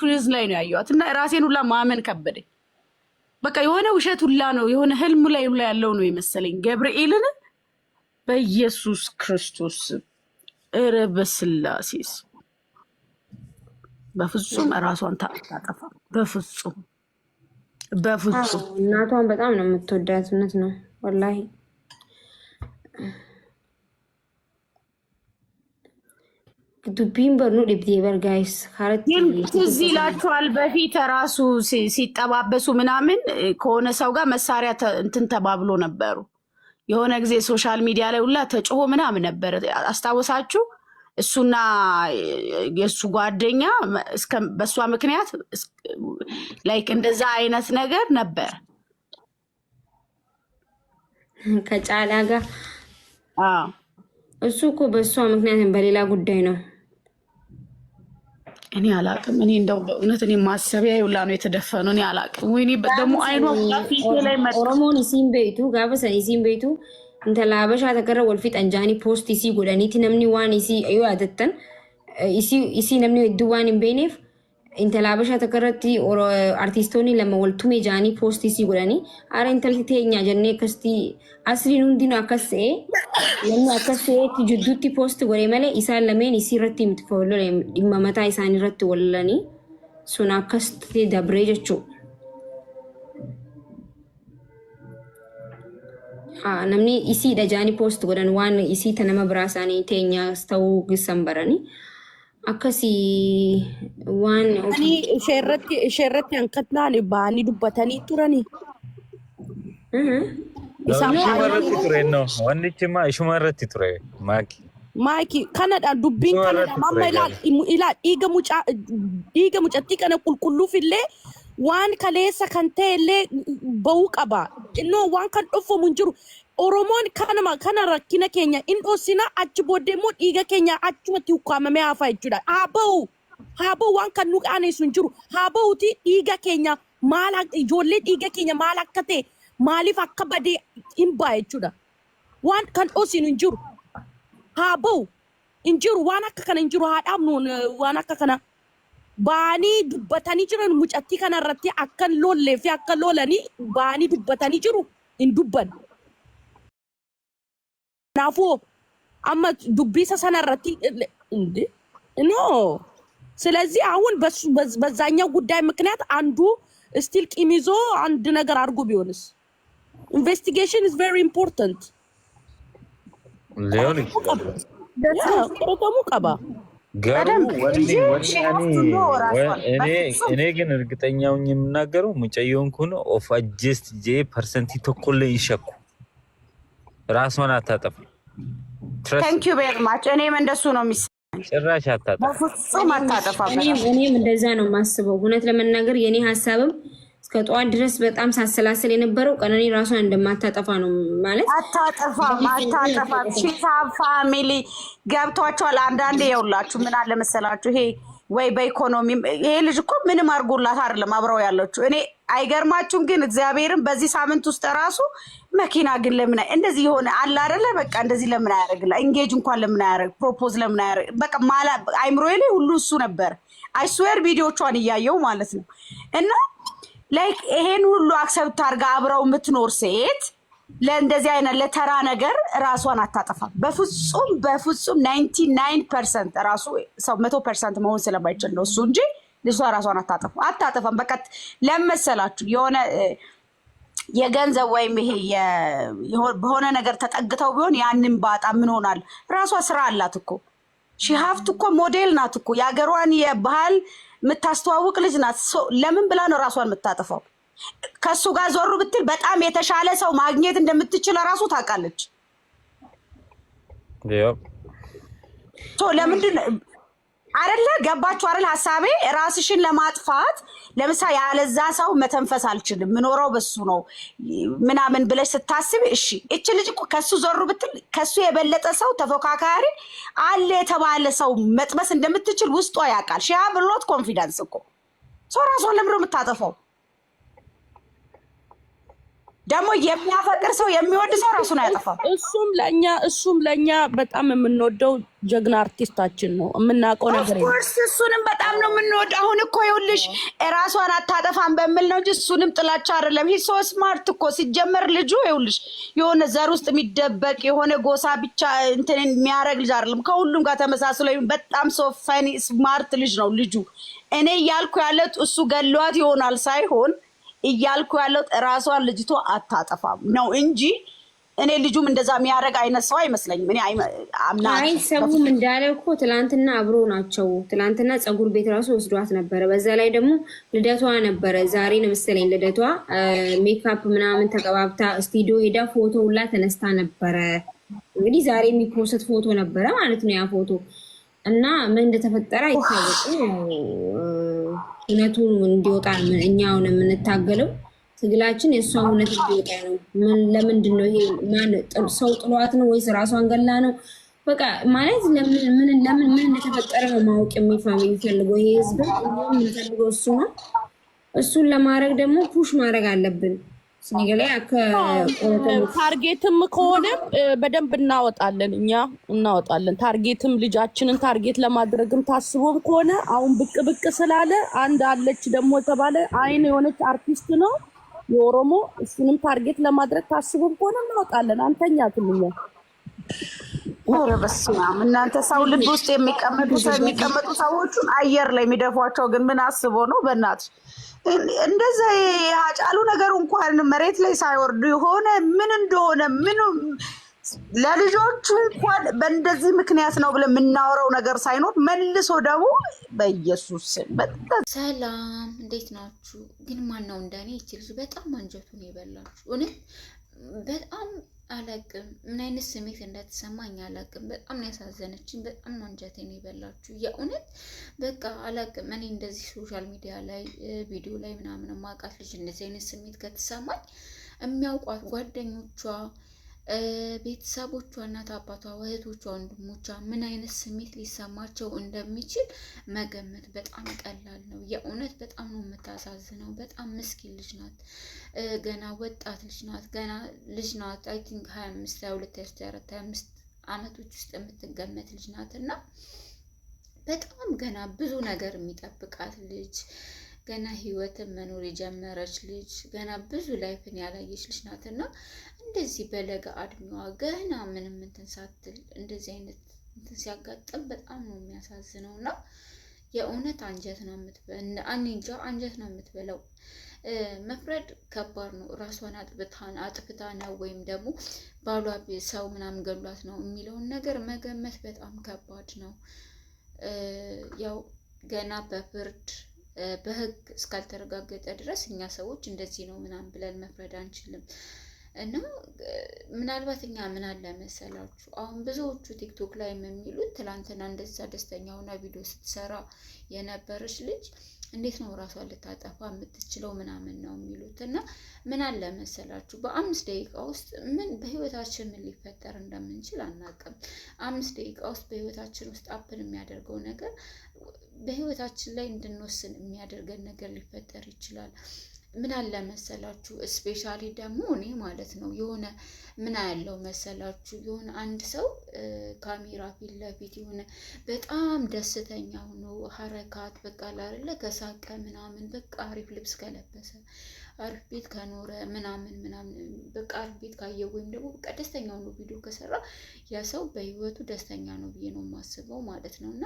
ክሩዝ ላይ ነው ያየዋት እና ራሴን ሁላ ማመን ከበደኝ። በቃ የሆነ ውሸት ሁላ ነው የሆነ ህልሙ ላይ ሁላ ያለው ነው የመሰለኝ ገብርኤልን በኢየሱስ ክርስቶስ እረ በስላሴስ በፍጹም ራሷን ታጠፋ። በፍጹም በፍጹም እናቷን በጣም ነው የምትወዳት። እውነት ነው ወላሂ ዱቢን በኑ ዲብዴ በርጋይስ ትዝ ይላችኋል። በፊት ራሱ ሲጠባበሱ ምናምን ከሆነ ሰው ጋር መሳሪያ እንትን ተባብሎ ነበሩ። የሆነ ጊዜ ሶሻል ሚዲያ ላይ ሁላ ተጭሆ ምናምን ነበር። አስታወሳችሁ? እሱና የእሱ ጓደኛ በእሷ ምክንያት ላይክ እንደዛ አይነት ነገር ነበር ከጫላ ጋር። እሱ እኮ በእሷ ምክንያት በሌላ ጉዳይ ነው እኔ አላቅም። እኔ እንደው በእውነት እኔ ማሰቢያ ይውላ ነው የተደፈነው። እኔ አላቅም። ወይኔ ደግሞ አይኗ ላይ ኦሮሞን እሲን ቤቱ ጋበሰን እሲን ቤቱ እንተላ አበሻ ተከረ ወልፊ ጠንጃኒ ፖስት ሲ ጎዳኒቲ ነምኒ ዋን ሲ እዩ አደተን ሲ ነምኒ ድዋን ቤኔፍ intala Habashaa takka irratti artiistoonni lama waltumee jaanii poostii si godhanii ara intalti teenya jennee akkasitti asriin hundinuu akkas ta'e namni akkas ta'etti jidduutti poosti godhe malee isaan lameen isii irratti miti foolole dhimma mataa isaanii irratti wallanii sun akkas ta'e dabree jechuudha. Namni isiidha jaanii poosti godhan waan isii ta nama biraa isaanii teenyaas ta'uu gissan baranii. akkasii waan ishee irratti hanqatnaan bahanii dubbatanii turani. Ishuma irratti ture noo wanni cimaa ishuma irratti ture maaki. Maaki kanadha dubbiin kanadha mamma ilaal dhiiga mucattii kana qulqulluuf illee waan kaleessa kan ta'e illee bahuu qaba. Innoo waan kan dhufamu hin jiru. Oromoon kanuma kana rakkina keenya hin dhoosina achi booddee immoo dhiiga keenya achumatti ukkaamamee hafa jechuudha. Haa bahu. Haa bahu waan kan nu qaaneessu hin jiru. Haa bahuti dhiiga keenya maal ijoollee dhiiga keenya maal akka ta'e maaliif akka badee hin baa jechuudha. Waan kan dhoosinu hin jiru. Haa bahu. Hin jiru waan akka kana hin jiru haa dhaabnu waan akka kana. baanii dubbatanii jiran mucattii kanarratti akka hin lollee fi akka lolanii baanii dubbatanii jiru hin dubban. Kanaafuu amma dubbisa sanarratti no ስለዚህ አሁን በዛኛው ጉዳይ ምክንያት አንዱ ስቲል ቂም ይዞ አንድ ነገር አድርጎ ቢሆንስ ኢንቨስቲጌሽን ኢዝ ቬሪ ኢምፖርታንት ሊሆን ይችላል። ቆጠሙ ቀባ እኔ ግን እርግጠኛው የምናገረው ሙጨየውን ከሆነ ኦፍ አጀስት ጄ ፐርሰንት ተኮለ ይሸኩ ራሷን አታጠፋ። ታንኪዩ ቬሪ ማች። እኔም እንደሱ ነው የሚሰማኝ። ጭራሽ አታጠፋ፣ በፍጹም አታጠፋ። እኔም እንደዛ ነው የማስበው። እውነት ለመናገር የእኔ ሀሳብም እስከ ጠዋት ድረስ በጣም ሳሰላሰል የነበረው ቀነኒ ራሷን እንደማታጠፋ ነው። ማለት አታጠፋም፣ አታጠፋም። ሺታ ፋሚሊ ገብቷቸዋል። አንዳንዴ የውላችሁ ምን አለ መሰላችሁ ይሄ ወይ በኢኮኖሚ ይሄ ልጅ እኮ ምንም አድርጎላት አይደለም አብረው ያለችው። እኔ አይገርማችሁም? ግን እግዚአብሔርን በዚህ ሳምንት ውስጥ ራሱ መኪና ግን ለምን እንደዚህ የሆነ አለ አይደለ? በቃ እንደዚህ ለምን አያደርግላ? ኢንጌጅ እንኳን ለምን አያደርግ? ፕሮፖዝ ለምን አያደርግ? በቃ ማላ አይምሮዬ ላይ ሁሉ እሱ ነበር። አይስዌር ቪዲዮቿን እያየው ማለት ነው እና ላይክ ይሄን ሁሉ አክሰብት አርጋ አብረው የምትኖር ሴት ለእንደዚህ አይነት ለተራ ነገር ራሷን አታጠፋም። በፍጹም በፍጹም ናይንቲ ናይን ፐርሰንት ራሱ ሰው መቶ ፐርሰንት መሆን ስለማይችል ነው እሱ እንጂ ልሷ ራሷን አታጠፉ አታጠፋም። በቃ ለመሰላችሁ የሆነ የገንዘብ ወይም ይሄ በሆነ ነገር ተጠግተው ቢሆን ያንን ባጣ ምን ሆናል? ራሷ ስራ አላት እኮ ሺሀብት እኮ ሞዴል ናት እኮ የሀገሯን የባህል የምታስተዋውቅ ልጅ ናት። ለምን ብላ ነው ራሷን የምታጥፈው? ከእሱ ጋር ዞሩ ብትል በጣም የተሻለ ሰው ማግኘት እንደምትችል ራሱ ታውቃለች። ለምንድን አይደለ ገባችሁ አይደል ሀሳቤ ራስሽን ለማጥፋት ለምሳሌ ያለዛ ሰው መተንፈስ አልችልም ምኖረው በሱ ነው ምናምን ብለሽ ስታስብ እሺ እች ልጅ ከሱ ዞሩ ብትል ከሱ የበለጠ ሰው ተፎካካሪ አለ የተባለ ሰው መጥበስ እንደምትችል ውስጧ ያውቃል ሺ ብሎት ኮንፊደንስ እኮ ሰው ራሷን ለምዶ የምታጠፈው ደግሞ የሚያፈቅር ሰው የሚወድ ሰው ራሱን አያጠፋም። እሱም ለእኛ እሱም ለእኛ በጣም የምንወደው ጀግና አርቲስታችን ነው የምናውቀው ነገር ኦፍኮርስ እሱንም በጣም ነው የምንወድ። አሁን እኮ ይኸውልሽ ራሷን አታጠፋም በሚል ነው እንጂ እሱንም ጥላቻ አይደለም። ይህ ሰው ስማርት እኮ ሲጀመር ልጁ ይኸውልሽ የሆነ ዘር ውስጥ የሚደበቅ የሆነ ጎሳ ብቻ እንትን የሚያደርግ ልጅ አይደለም። ከሁሉም ጋር ተመሳስሎ በጣም ሰው ፈኒ ስማርት ልጅ ነው ልጁ። እኔ እያልኩ ያለት እሱ ገለዋት ይሆናል ሳይሆን እያልኩ ያለው ራሷን ልጅቷ አታጠፋም ነው እንጂ እኔ ልጁም እንደዛ የሚያደርግ አይነት ሰው አይመስለኝም። እኔ አይ እንዳለ እኮ ትላንትና አብሮ ናቸው። ትላንትና ፀጉር ቤት ራሱ ወስዷት ነበረ። በዛ ላይ ደግሞ ልደቷ ነበረ ዛሬ መሰለኝ ልደቷ። ሜካፕ ምናምን ተቀባብታ ስቱዲዮ ሄዳ ፎቶ ሁላ ተነስታ ነበረ። እንግዲህ ዛሬ የሚፖሰት ፎቶ ነበረ ማለት ነው ያ ፎቶ እና ምን እንደተፈጠረ አይታወቅም። እውነቱ እንዲወጣ እኛ የምንታገለው ትግላችን የእሷ እውነት እንዲወጣ ነው። ለምንድን ነው ይሄ? ሰው ጥሏት ነው ወይስ ራሷን ገላ ነው? በቃ ማለት ለምን ለምን ምን እንደተፈጠረ ነው ማወቅ የሚፈልገው ይሄ ህዝብ። የሚፈልገው እሱ ነው። እሱን ለማድረግ ደግሞ ፑሽ ማድረግ አለብን። ታርጌትም ከሆነ በደንብ እናወጣለን፣ እኛ እናወጣለን። ታርጌትም ልጃችንን ታርጌት ለማድረግም ታስቦም ከሆነ አሁን ብቅ ብቅ ስላለ አንድ አለች ደግሞ የተባለ አይን የሆነች አርቲስት ነው የኦሮሞ እሱንም ታርጌት ለማድረግ ታስቦም ከሆነ እናወጣለን። አንተኛ ትልኛ ኧረ በስመ አብ እናንተ ሰው ልብ ውስጥ የሚቀመጡ ሰዎቹን አየር ላይ የሚደፏቸው ግን ምን አስቦ ነው? በእናት እንደዛ የሀጫሉ ነገር እንኳን መሬት ላይ ሳይወርዱ የሆነ ምን እንደሆነ ምን ለልጆቹ እንኳን በእንደዚህ ምክንያት ነው ብለን የምናወራው ነገር ሳይኖር መልሶ ደግሞ በኢየሱስ በጣም ሰላም፣ እንዴት ናችሁ? ግን ማን ነው እንደኔ ይችል በጣም አንጀቱን የበላችሁ እውነት አላቅም ምን አይነት ስሜት እንደተሰማኝ አላቅም። በጣም ነው ያሳዘነችኝ። በጣም ነው አንጀቴን የበላችሁ የእውነት በቃ አላቅም። እኔ እንደዚህ ሶሻል ሚዲያ ላይ ቪዲዮ ላይ ምናምን ማውቃት ልጅ እንደዚህ አይነት ስሜት ከተሰማኝ የሚያውቋት ጓደኞቿ ቤተሰቦቿ፣ እናት አባቷ፣ እህቶቿ፣ ወንድሞቿ ምን አይነት ስሜት ሊሰማቸው እንደሚችል መገመት በጣም ቀላል ነው። የእውነት በጣም ነው የምታሳዝነው። በጣም ምስኪን ልጅ ናት። ገና ወጣት ልጅ ናት። ገና ልጅ ናት። አይ ቲንክ ሀያ አምስት ሀያ ሁለት ሀያ ሶስት ሀያ አራት ሀያ አምስት አመቶች ውስጥ የምትገመት ልጅ ናት እና በጣም ገና ብዙ ነገር የሚጠብቃት ልጅ ገና ህይወትን መኖር የጀመረች ልጅ ገና ብዙ ላይፍን ያላየች ልጅ ናትና እንደዚህ በለጋ አድሜዋ ገና ምንም እንትን ሳትል እንደዚህ አይነት እንትን ሲያጋጥም በጣም ነው የሚያሳዝነው እና የእውነት አንጀት ነው እንጃ አንጀት ነው የምትበለው። መፍረድ ከባድ ነው። ራሷን አጥብታን አጥፍታ ነው ወይም ደግሞ ባሏ ሰው ምናምን ገሏት ነው የሚለውን ነገር መገመት በጣም ከባድ ነው። ያው ገና በፍርድ በህግ እስካልተረጋገጠ ድረስ እኛ ሰዎች እንደዚህ ነው ምናምን ብለን መፍረድ አንችልም። እና ምናልባት እኛ ምን አለ መሰላችሁ አሁን ብዙዎቹ ቲክቶክ ላይ የሚሉት ትላንትና እንደዛ ደስተኛ ሆና ቪዲዮ ስትሰራ የነበረች ልጅ እንዴት ነው ራሷ ልታጠፋ የምትችለው ምናምን ነው የሚሉት። እና ምን አለ መሰላችሁ በአምስት ደቂቃ ውስጥ ምን በህይወታችን ምን ሊፈጠር እንደምንችል አናውቅም። አምስት ደቂቃ ውስጥ በህይወታችን ውስጥ አፕን የሚያደርገው ነገር በህይወታችን ላይ እንድንወስን የሚያደርገን ነገር ሊፈጠር ይችላል። ምን አለ መሰላችሁ፣ ስፔሻሊ ደግሞ እኔ ማለት ነው የሆነ ምን ያለው መሰላችሁ፣ የሆነ አንድ ሰው ካሜራ ፊት ለፊት የሆነ በጣም ደስተኛ ሆኖ ሀረካት በቃ ላለ ከሳቀ ምናምን በቃ አሪፍ ልብስ ከለበሰ አሪፍ ቤት ከኖረ ምናምን ምናምን በቃ አሪፍ ቤት ካየው ወይም ደግሞ በቃ ደስተኛ ሆኖ ቪዲዮ ከሰራ ያ ሰው በህይወቱ ደስተኛ ነው ብዬ ነው የማስበው ማለት ነው እና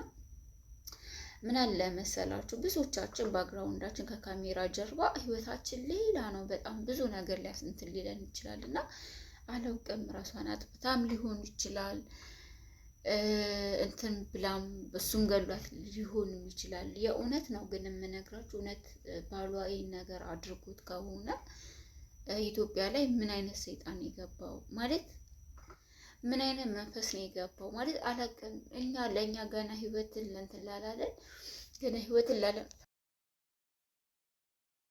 ምን አለ መሰላችሁ ብዙዎቻችን ባግራውንዳችን ከካሜራ ጀርባ ህይወታችን ሌላ ነው። በጣም ብዙ ነገር ሊያስንትን ሊለን ይችላል እና አላውቅም ራሷን አጥብታም ሊሆን ይችላል እንትን ብላም እሱም ገሏት ሊሆንም ይችላል። የእውነት ነው ግን የምነግራችሁ እውነት ባሏ ይህን ነገር አድርጎት ከሆነ ኢትዮጵያ ላይ ምን አይነት ሰይጣን የገባው ማለት ምን አይነት መንፈስ ነው የገባው ማለት አላውቅም። እኛ ለእኛ ገና ህይወትን እንትን ላላለን ገና ህይወትን ላለ